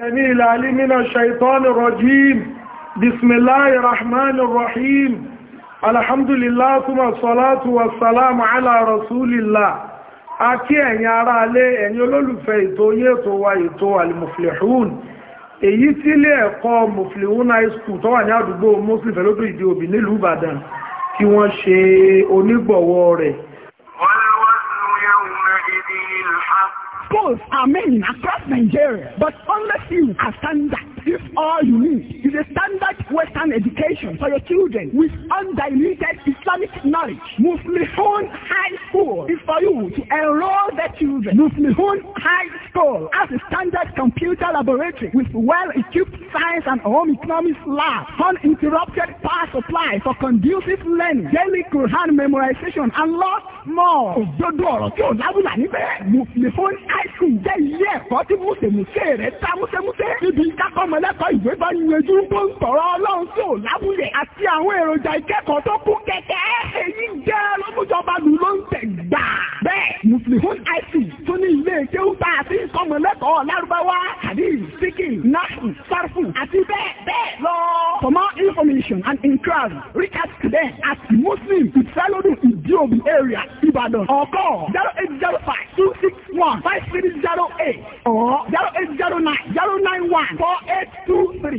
سميع العليم من الشيطان الرجيم بسم الله الرحمن الرحيم الحمد لله ثم الصلاة والسلام على رسول الله akí ẹ̀yin ará alẹ́ ẹ̀yin olólùfẹ́ ètò yẹ́ ètò wa ètò alimuflihun èyí tí ilé ẹ̀kọ́ muflihun high school tó wà ní àdúgbò muslim fẹ́lódò ìdí òbí nílùú ìbàdàn kí wọ́n ṣe onígbọ̀wọ́ rẹ̀ schools are many across Nigeria, but unless you are standard, if all you need is a standard Western education for your children with undiluted Islamic knowledge. Muflihun High School is for you to enroll their children. Muflihun High School has a standard computer laboratory with well-equipped science and home economics lab, uninterrupted power supply for conducive learning, daily Quran memorization, and lots more. Òdodo ọ̀rọ̀ tí ò lábùlà níbẹ̀. Muflihun High School jẹ́ ilé ẹ̀kọ́ tí Mùsèmùsè rẹ̀ ta Mùsèmùsè. Níbi ìkákọ́ ọmọlẹ́kọ̀ọ́ ìwé bá yanjú ohun tó ń sọ̀rọ̀ ọlọ́run sí ò láwùlẹ̀ àti àwọn èròjà ìkẹ́kọ̀ọ́ tó kún kẹ̀kẹ́ èyí jẹ́ lọ́mújọba lù ló ń tẹ̀ gbà. bẹ́ẹ̀ mùsùlùmí ic tó ní ilé ìjẹun tá a ti ń sọmọ lẹ́kọ̀ọ́ lárúbáwá hadith sikin nahu sarfu àti bẹ́ẹ̀ bẹ́ẹ̀ lọ. for more information and inquiry reach out to them at muslim ìfẹ́lódún ìdíòbí area ìbàdàn or call zero eight zero five two six one five three zero eight or zero eight zero nine zero nine one four eight two three.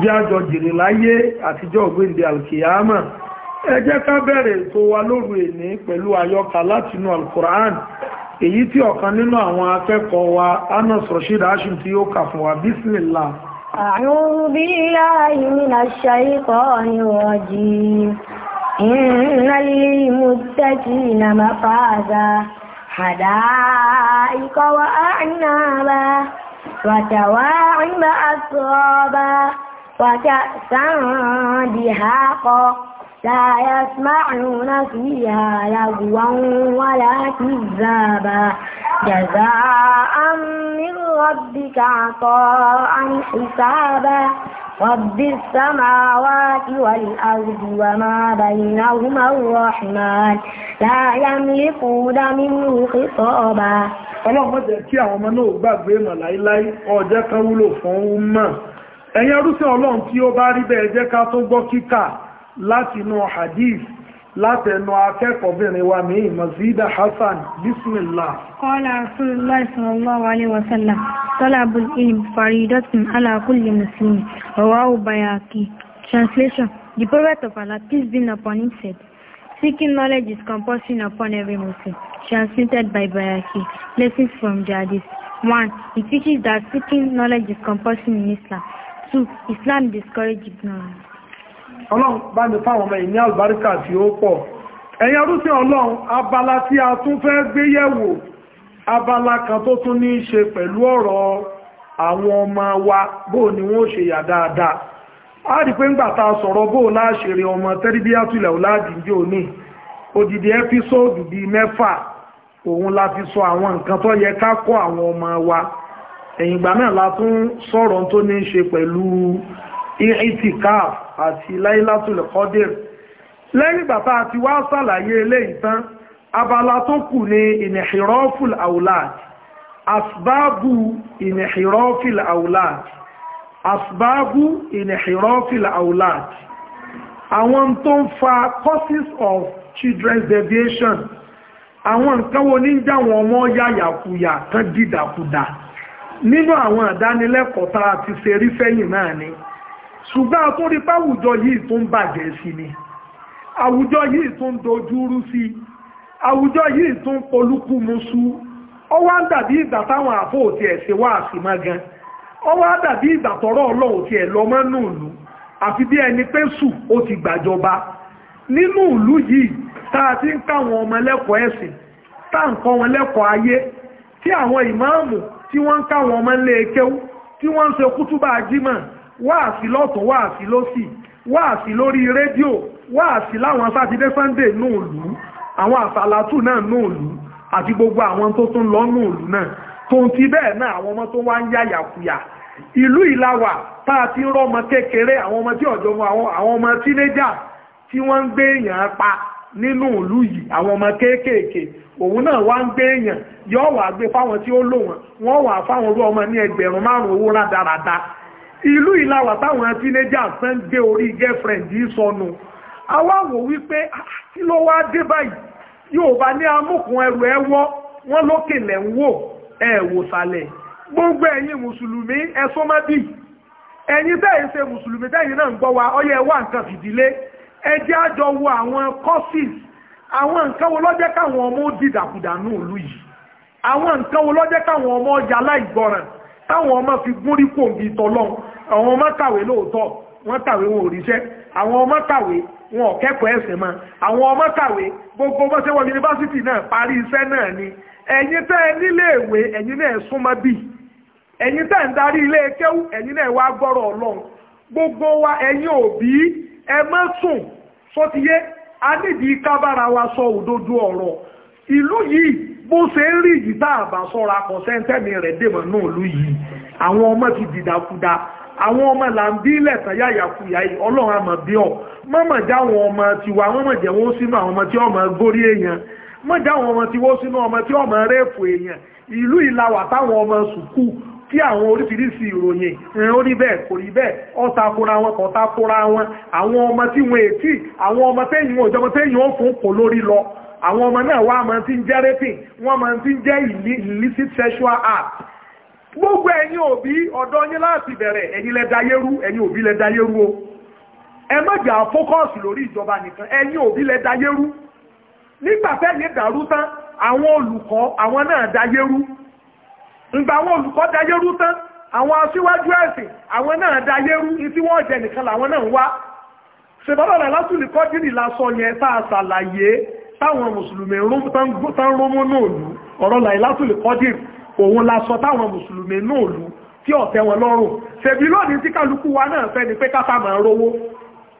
jẹ́ àjọ jèrè láyé àtijọ́ ògbéǹde alkiyama ẹ ká bẹ̀rẹ̀ tó wà lóru èní pẹ̀lú àyọkà látinú alkùrán èyí tí ọ̀kan nínú àwọn akẹ́kọ̀ọ́ wa anas rashid hashim tí ó kà fún wa bísmìlá وتواعب وكأسا دهاقا لا يسمعون فيها لغوا ولا كذابا جزاء من ربك عطاء حسابا رب السماوات والأرض وما بينهما الرحمن لا يملكون منه خطابا ọlọ́run mọ́jẹ̀ kí àwọn ọmọ náà gbàgbé mọ̀ láíláí ọjẹ́ kan wúlò fún un mọ́ ẹ̀yin arúsẹ́ ọlọ́run tí ó bá rí bẹ́ẹ̀ jẹ́ ká tó gbọ́ kíkà látinú hadith látẹnu akẹ́kọ̀ọ́bìnrin wa ní mazida hassan bismillah. qala rasulullah sallallahu alaihi wasallam talabul ilm faridatun ala kulli translation the prophet of allah peace be upon him said seeking knowledge is compulsory upon every muslim transmitted by bayaki lessons from Jadi's. hadith one it teaches that seeking knowledge is compulsory in islam Islam discourage ignorance. ọlọ́run bá ní fáwọn ọmọ ìní àlùbáríkà tí ó pọ̀ ẹ̀yin arúsìn ọlọ́run abala tí a tún fẹ́ gbé yẹ̀wò abala kan tó tún ní í ṣe pẹ̀lú ọ̀rọ̀ àwọn ọmọ wa bóò ni wọ́n ṣe yà dáadáa a rí pé ńgbà tá a sọ̀rọ̀ bóò láṣẹ̀rẹ̀ ọmọ tẹ́rìbíyàtúlẹ̀ ọ̀làdìjọ́ òní odidi ẹ́písọ́ọ̀dù bíi mẹ́fà òun la fi sọ àwọn nǹkan tó yẹ ká kọ́ àwọn ọmọ wa ẹ̀yìn ìgbà náà la tún sọ̀rọ̀ tó ní ṣe pẹ̀lú itikaf àti Lailatul Qadr lẹ́yìn bàbá àti wá sàlàyé eléyìí tán abala tó kù ní inhiraful awlad asbábù inhirafil awlad asbábù inhirafil awlad àwọn tó ń fa causes of children's deviation àwọn nǹkan wo ní jáwọn ọmọ yàyàkuyà tán dìdàkudà nínú àwọn àdánilẹ́kọ̀ọ́ tá a ti ṣe rí fẹ́yìn náà ni ṣùgbọ́n àtúnrí páwùjọ yìí tó ń bàjẹ́ sí ni àwùjọ yìí tó ń dojúrú sí àwùjọ yìí tó ń polúkúmuṣu ó wá ń dàbí ìgbà táwọn àfọ òtí ẹ̀ ṣe wá àṣìmọ́ gan ó wá dàbí ìgbà tọrọ ọlọ́run ti ẹ̀ lọ́mọ́ nùlù àfi bí ẹni pé sù ó ti gbàjọba nínú ìlú yìí tá a ti ń káwọn ọmọ lẹ́kọ̀ọ́ ẹ̀sìn tá wọn lẹ́kọ̀ọ́ ayé tí àwọn ìmáàmù tí wọ́n ń káwọn ọmọ ilé kéwú tí wọ́n ń ṣe kútúbà jímọ̀ wáàsí lọ́tún wáàsí lọ́sì wáàsí lórí rédíò wáàsí láwọn sátidé sunday nù òlù àwọn àsàlátù náà nù òlù àti gbogbo àwọn tó tún lọ nù òlù náà tó ń ti bẹ́ẹ̀ náà àwọn ọmọ tó wá ń yáyàkuyà ìlú ìlàwà tá a ti ń rọ́ kékeré àwọn ọmọ tí ọ̀jọ̀ àwọn ọmọ tínéjà tí wọ́n ń gbé èèyàn pa nínú ìlú yìí àwọn ọmọ kéékèèké òun náà wá ń gbé èèyàn yóò wà gbé fáwọn tí ó lò wọn wọ́n wà fáwọn orú ọmọ ní ẹgbẹ̀rún márùn-ún owó rádaràda ìlú ìlàwà táwọn teenagers ń gbé orí girlfriend yìí sọnù àwa wò wípé ah, kí ló wá dé báyìí yóò bá ní amúkùn ẹrù ẹwọ́ wọ́n lókè lẹ̀ ń wò ẹ̀ wò sàlẹ̀ gbogbo ẹ̀yin mùsùlùmí ẹ sọ má bì ẹ̀yin bẹ́ẹ̀ ṣe mùsùlùmí tẹ́yin náà ń gbọ́ wa ọyẹ wà nǹkan fìdílé ẹ jẹ́ àjọ wo àwọn courses àwọn nǹkan wo lọ́jẹ́ káwọn ọmọ dìdàkudà ní ìlú yìí àwọn nǹkan wo lọ́jẹ́ káwọn ọmọ ọjà aláìgbọràn táwọn ọmọ fi gúnrí kòǹgì àwọn ọmọ kàwé lóòótọ́ wọ́n kàwé wọn ò àwọn ọmọ kàwé wọn ò kẹ́kọ̀ọ́ àwọn ọmọ kàwé gbogbo bó ṣe yunifásitì náà parí iṣẹ́ náà ni ẹ̀yin tẹ́ ẹ nílé ìwé ẹ̀yin náà súnmọ́ bì ẹ̀yin tẹ́ ń darí ilé ẹ̀yin náà gbogbo wa ẹ̀yin òbí sùn a nídìí kábára wa sọ òdodo ọ̀rọ̀ ìlú yìí bó ṣe ń rí ìjì tá a bá sọ́ra kọ̀ sẹ́ńtẹ́mì rẹ̀ dèmọ̀ náà lú yìí àwọn ọmọ ti dìdàkudà àwọn ọmọ là ń bí ilẹ̀ tàyà yàkuyà yìí ọlọ́run àmọ̀ bí ọ̀ mọ́mọ̀ já àwọn ọmọ tiwa mọ́mọ̀ jẹ́ wọ́n sínú àwọn ọmọ tí ọmọ górí èèyàn mọ́jà àwọn ọmọ tí wọ́n sínú ọmọ tí ọmọ rẹ́ẹ̀pù èèyàn ìlú ìlàwà táwọn ọmọ sùkúù tí àwọn oríṣiríṣi ìròyìn rí bẹ́ẹ̀ kò rí bẹ́ẹ̀ ọ̀takora wọn kò takora wọn àwọn ọmọ tí wọn ètí àwọn ọmọ tẹ́yìn wọn ìjọba tẹ́yìn wọn fún kò lórí lọ àwọn ọmọ náà wá máa ti ń jẹ́ raping wọ́n máa ti ń jẹ́ illicit sexual act gbogbo ẹ̀yin òbí ọ̀dọ́ yín láti bẹ̀rẹ̀ ẹ̀yin lẹ dayérú ẹ̀yin òbí lẹ dayérú o ẹ má jà fókọ́ọ̀sì lórí ìjọba nìkan ẹ̀yin òbí lẹ dayérú nígbà tẹ́yìn dàrú tán àwọn olùkọ́ àwọn náà dayérú ìgbà àwọn olùkọ́ dayérú tán àwọn aṣíwájú ẹ̀sìn àwọn náà dayérú tí wọ́n jẹ nìkan làwọn náà ń wá ṣèbọ́lọ́lá látùlì kọ́dìrì lásọ yẹn tá a ṣàlàyé táwọn mùsùlùmí tán rómú náà lù ọ̀rọ̀ láì látùlì kọ́dìrì òun lásọ táwọn mùsùlùmí náà lù tí ọ̀tẹ́ wọn lọ́rùn ṣèbí lónìí tí kálukú wa náà fẹ́ ni pé káfà máa rówó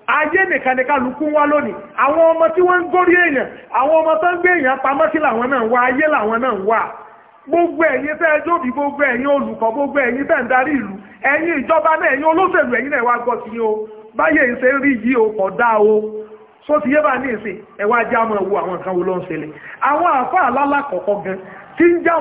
ayé nìkan ni kálukú wá lónìí àwọn ọmọ tí wọ́n ń górí èèyàn àwọn ọmọ tó ń gbé èèyàn pamọ́ sí làwọn náà wá ayé làwọn náà wà gbogbo eyi tẹ́ ẹjọ́ gbogbo eyi olùkọ́ gbogbo eyi tẹ́ ń darí ìlú ẹ̀yin ìjọba náà ẹ̀yin olóṣèlú ẹ̀yin náà wá o báyẹ̀ ìṣe rí o kọ̀ dá o só ti yé bá ní ìsìn wo àwọn nǹkan wo ló ń ṣẹlẹ̀ àwọn àfáà gan tí ń já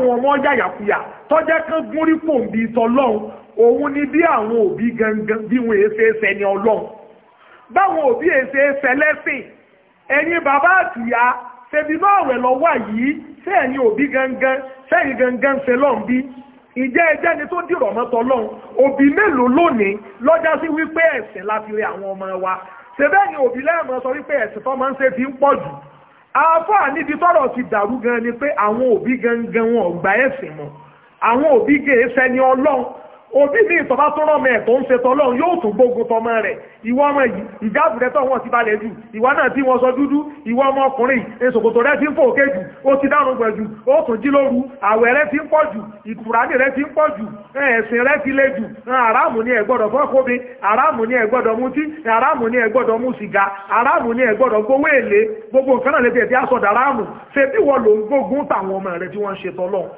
ọmọ gan gúnrí pòǹbì òun ni bí àwọn òbí gangan bí wọn èéfẹ́ ẹsẹ̀ ni ọlọ́run báwọn òbí èéfẹ́ ẹsẹ̀ lẹ́sìn ẹ̀yin bàbá àtìyá ṣebí náà rẹ̀ lọ́wọ́ yìí ṣé ẹ̀yin òbí gangan sẹ́yìn gangan ṣe lọ́n bí ìjẹ́ ẹjẹ́ ni tó dìrọ̀ mọ́tọ́ lọ́run òbí mélòó lónìí lọ́jà sí wípé ẹ̀sìn láti rí àwọn ọmọ wa ṣebẹ́ ẹ̀yin òbí lẹ́ẹ̀mọ́ sọ wípé ẹ̀sìn tó máa ń ṣe fi ń pọ̀ jù àáfàá níbi tọ́rọ̀ ti dàrú gan ni pé àwọn òbí gangan wọn ò gba ẹ̀sìn mọ́ àwọn òbí gèé sẹ́ni ọlọ́run òbí ní ìtọ́bá tó rọ̀ mẹ́ tó ń ṣe tọ́lọ́run yóò tún gbógun tọmọ rẹ̀ ìwọ ọmọ yìí ìjáàbù rẹ tọ́ wọn ti balẹ̀ jù ìwọ náà tí wọ́n sọ dúdú ìwọ ọmọ ọkùnrin èsòkòtò rẹ ti ń fòkè jù ó ti dárùn gbẹ̀ jù ó tún jí lóru àwẹ̀ rẹ ti ń pọ̀ jù ìkùránì rẹ ti ń pọ̀ jù ẹ̀sìn rẹ ti le jù àràmù ni ẹ gbọ́dọ̀ fọ́kóbi àràmù ni ẹ gbọ́dọ̀ mutí àràmù ni ẹ gbọ́dọ̀ mu sìgá àràmù ni ẹ gbọ́dọ̀ gbowó èlé gbogbo nǹkan náà lè tẹ̀ tí a sọ̀dọ̀ àràmù ṣe bí wọ́n lò ń gbógun táwọn ọmọ rẹ tí wọ́n ń ṣe tọ́lọ́run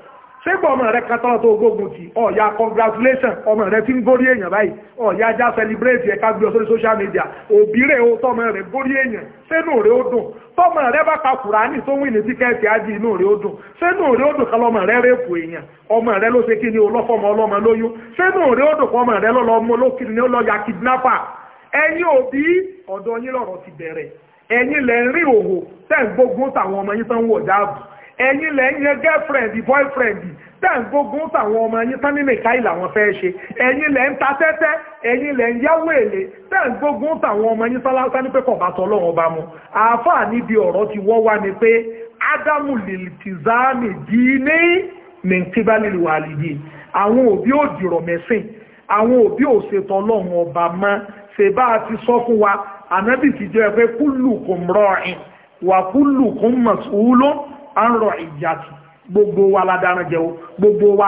ṣégbà ọmọ rẹ kátọ́lọ́ tó gbógun ti ọ̀ya congratulation ọmọ rẹ ti ń górí èèyàn báyìí ọ̀ya já celebrate ẹ̀ka gbé ọ sórí social media òbí rẹ̀ ó tọ́mọ rẹ̀ górí èèyàn sẹ́nu rẹ̀ ó dùn tọ́mọ rẹ̀ bá ka kùránì tó wí ní tíkẹ́ẹ̀tì ájì inú rẹ̀ ó dùn sẹ́nu rẹ̀ ó dùn kan lọ́mọ rẹ̀ rẹ́pù èèyàn ọmọ rẹ̀ ló ṣe kí ni olọ́fọmọ ọlọ́mọ lóyún sẹ́nu rẹ̀ ó dùn kan ọmọ rẹ̀ lọ́lọ́mọ olókìrì ni ó lọ́ọ́ ya kidnapper ẹ̀yin òbí ọ̀dọ̀ yín lọ̀rọ̀ ti bẹ̀rẹ̀ ẹ̀yin lẹ́ ń rí òhò tẹ́ ẹ̀yin lẹ̀ ń yan girlfriend boyfriend tẹ́ǹ gbógun tàwọn ọmọ ẹ̀yin tán ní nìkáì làwọn fẹ́ ṣe ẹ̀yin lẹ̀ ń ta tẹ́tẹ́ ẹ̀yin lẹ̀ ń yáwó èlé tẹ́ǹ gbógun tàwọn ọmọ ẹ̀yin sálásá ní pé kọ̀bá tọ́lọ́run ọba mu àáfàá níbi ọ̀rọ̀ ti wọ́ wá ni pé ádámù lìtìzáàmì dì ní mẹ̀ntíbálìwàlìdì àwọn òbí ò dìrọ̀ mẹ́sìn àwọn òbí ò ṣètò ọlọ́run ọba mọ́ ṣe bá a ti sọ fún wa ànábì ti jẹ́ pé kúlùkùn rọ̀ìn wà kúlùkùn mọ̀sùlùmọ́ à ń rọ ìjàtì gbogbo wa ladaran jẹ́ o gbogbo wa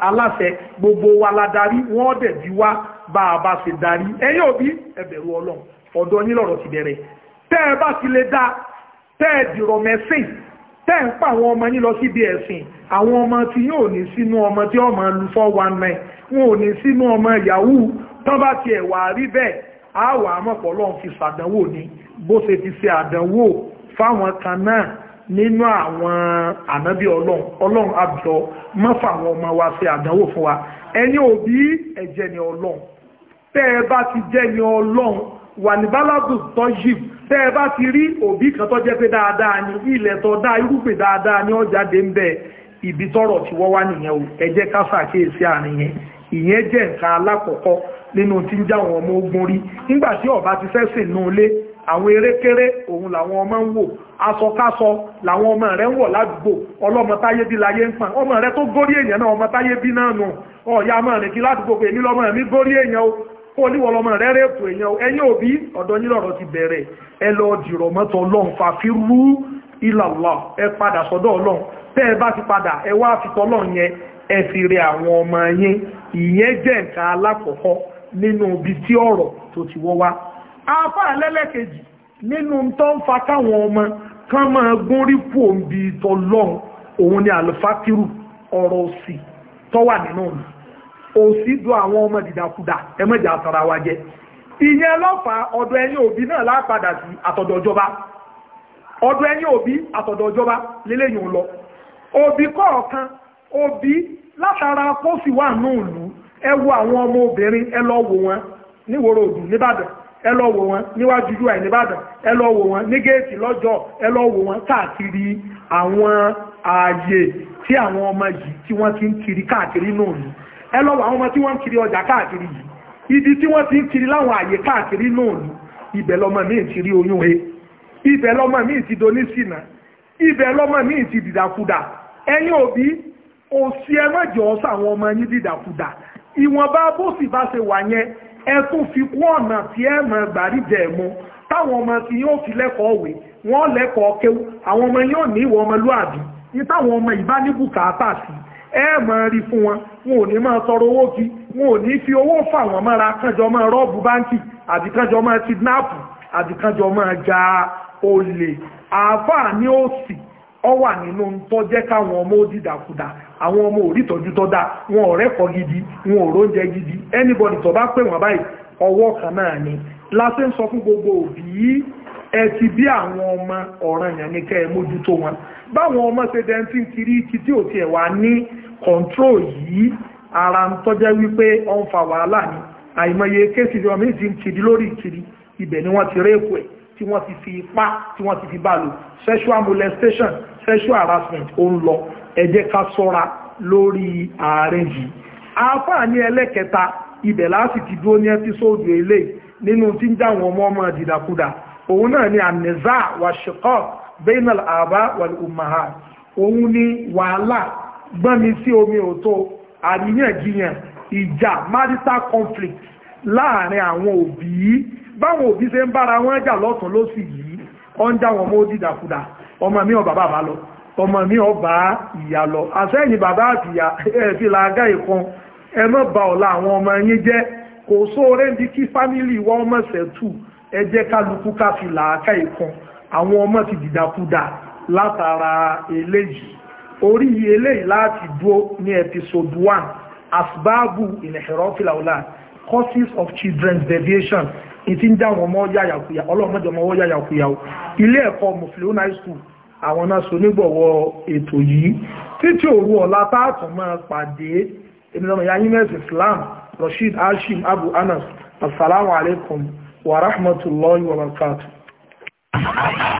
aláṣẹ gbogbo wa ladarí wọ́n dẹ̀ bí wá bá a bá ṣe darí ẹ̀yin òbí ẹ bẹ̀rù ọlọ́run ọ̀dọ̀ yín lọ̀rọ̀ ti bẹ̀rẹ̀ tẹ́ ẹ bá ti lè dá tẹ́ ẹ dìrọ̀ mẹ́sìn tẹ́ ń pa àwọn ọmọ yín lọ síbi ẹ̀sìn àwọn ọmọ tí yóò ní sínú ọmọ tí ọmọ lu 419 wọn ò ní sínú ọmọ yahoo tán bá ti ẹ̀wà rí bẹ́ẹ̀ á wà á mọ̀pọ̀ lọ́n fi ṣàdánwò ni bó ṣe ti ṣe àdánwò fáwọn kan náà nínú àwọn ànábí ọlọ́run ọlọ́run mọ́fà àwọn ọmọ wa ṣe àdánwò fún wa ẹni òbí ẹ̀jẹ̀ ni ọlọ́run tẹ́ ẹ bá ti jẹ́ ni ọlọ́run wà ní bálàbù tọ́jìm tẹ́ ẹ bá ti rí òbí kan tó jẹ́ pé dáadáa ni ilẹ̀ tó dá irúgbìn dáadáa ni ọjà dé ń bẹ ibi tọ́rọ̀ tí wọ́n wá nìyẹn o ẹ jẹ́ ká ṣàkíyèsí àárín yẹn ìyẹn jẹ́ nǹkan alákọ̀ọ́kọ́ nínú tí ń já àwọn ọmọ ogun rí nígbà tí ọba ti fẹ́ sìn nú ilé àwọn erékeré òun làwọn ọmọ ń wò asọkásọ làwọn ọmọ rẹ̀ ń wọ̀ ládùúgbò ọlọ́mọ táyé bí láyé ń pàn ọmọ rẹ̀ tó górí èèyàn náà ọmọ táyé bí náà nù ọ̀yá mọ̀ rìn kí ládùúgbò pé èmi lọ́mọ mi górí èèyàn o kó níwọ̀ lọ́mọ rẹ̀ rẹ̀pù èèyàn o ẹ̀yin òbí ọ̀dọ̀ yín lọ̀rọ̀ ti bẹ̀rẹ̀ ẹ lọ dìrọ̀ mọ́tọ̀ ọlọ́run fàfirú ìlàlá ẹ padà sọ́dọ̀ ọlọ́run tẹ́ ẹ bá ti padà ẹ wá àfitọ́ ọlọ́run yẹn ẹ fi rẹ àwọn fa káwọn ọmọ kán máa gún rí fò ń bi tọlọ́n òun ni àlùfákírù ọ̀rọ̀ òsì tọ́wà nínú mi òsì do àwọn ọmọ dìdàkudà ẹ mọ̀jà àtàrà wa jẹ ìyẹn lọ́fàá ọ̀dọ̀ ẹ̀yin òbí náà lápadà sí àtọ̀dọ̀ ìjọba ọ̀dọ̀ ẹ̀yin òbí àtọ̀dọ̀ ìjọba lélẹ́yìn ò lọ òbí kọ̀ọ̀kan òbí látara pósì wà náà lù ẹ wo ẹ lọ wò wọ́n níwájú UI nìbàdàn ẹ lọ wò wọ́n ní géètì lọ́jọ́ ẹ lọ wò wọ́n káàkiri àwọn ààyè tí àwọn ọmọ yìí tí wọ́n ti ń kiri káàkiri náà ni ẹ lọ wò àwọn ọmọ tí wọ́n ń kiri ọjà káàkiri yìí ibi tí wọ́n ti ń kiri láwọn ààyè káàkiri náà ni ibẹ̀ lọmọ míì ti rí oyún he ibẹ̀ lọmọ míì ti donísìnà ibẹ̀ lọmọ míì ti dìdàkudà ẹ̀yin òbí òsì ẹ má jẹ́ ọ̀sán àwọn ọmọ yín dìdàkudà ìwọ̀nba bó sì bá ṣe wà yẹn ẹ tún fi kún ọ̀nà tí ẹ mọ̀ gbàríjẹ̀ mu táwọn ọmọ tí yóò fi lẹ́kọ̀ọ́ òwe wọ́n lẹ́kọ̀ọ́ kéwú àwọn ọmọ yóò ní ìwọ ọmọlúàbí ní táwọn ọmọ ìbánibùkátà sí ẹ mọ̀ rí fún wọn wọn ò ní máa tọrọ owó kí wọn ò ní fi owó fà wọ́n mọ́ra kánjọ máa rọ́ọ̀bù báńkì àbí kánjọ máa kidnap àbí kánjọ máa ja olè àáfàá ní òsì ọ wà nínú tó jẹ́ káwọn ọmọ dídàkudà àwọn ọmọ òrítọ́jú tó dá wọn ọ̀rẹ́kọ̀ gidi wọn òróúnjẹ gidi anybody tó bá pè wọ́n báyìí ọwọ́ kan náà ni láti ń sọ fún gbogbo òbí ẹ ti bí àwọn ọmọ ọ̀ràn yàn ní kẹ́ ẹ mójútó wọn báwọn ọmọ ṣe dẹ́ntín kiri kí tí ò tiẹ̀ wá ní kọ̀ǹtró yìí ara ń tọ́jẹ́ wípé ọ ń fa wàhálà ni àìmọye kéèsì ìjọba méjì ń kiri lórí ìkiri ibẹ̀ ni wọ́n ti réèkù ẹ̀ tí wọ́n ti fi ipá tí wọ́n ti fi bá lò sexual molestation sexual harassment ó ń lọ ẹ jẹ́ ká sọ́ra lórí ààrẹ yìí àǹfààní ẹlẹ́kẹta ibẹ̀ láti ti dúró ní ẹ́písòdù eléyìí nínú tí ń dáwọn ọmọ ọmọ dìdàkudà òun náà ni anizá wàṣíkọ́ bainal àbá wàlúùmáhà òun ni wàhálà gbọ́nmi sí omi òtó àríyànjiyàn ìjà marital conflict láàrin àwọn òbí báwọn òbí ṣe ń bára wọn jà lọ́tún lọ́sì yìí ọ ń já wọn mọ́ dídàkudà ọmọ mi ò bàbá bá lọ ọmọ mi ò bá ìyá lọ àṣẹ́yìn bàbá àti ìyá ẹ̀ làágá ìkan ẹ má ọ̀la àwọn ọmọ yín jẹ́ kò sóore ń di kí fámìlì wa ọmọ ṣẹ̀tù ẹ kálukú ká fi ìkan àwọn ọmọ ti dìdàkudà látara eléyìí orí eléyìí láti dúó ní episode one asbáàbù ìnìṣẹ̀rọ̀fìlà ọ̀la causes of children's deviation ìtí ń já wọn mọ́ yáyàkúyà ọlọ́mọdé ọmọ yáyàkúyà ilé ẹ̀kọ́ mufleon high school àwọn náà so nígbọ̀wọ́ ètò yìí títí òru ọ̀la táàtùn máa pàdé ìmìnira yahimes islam rasheed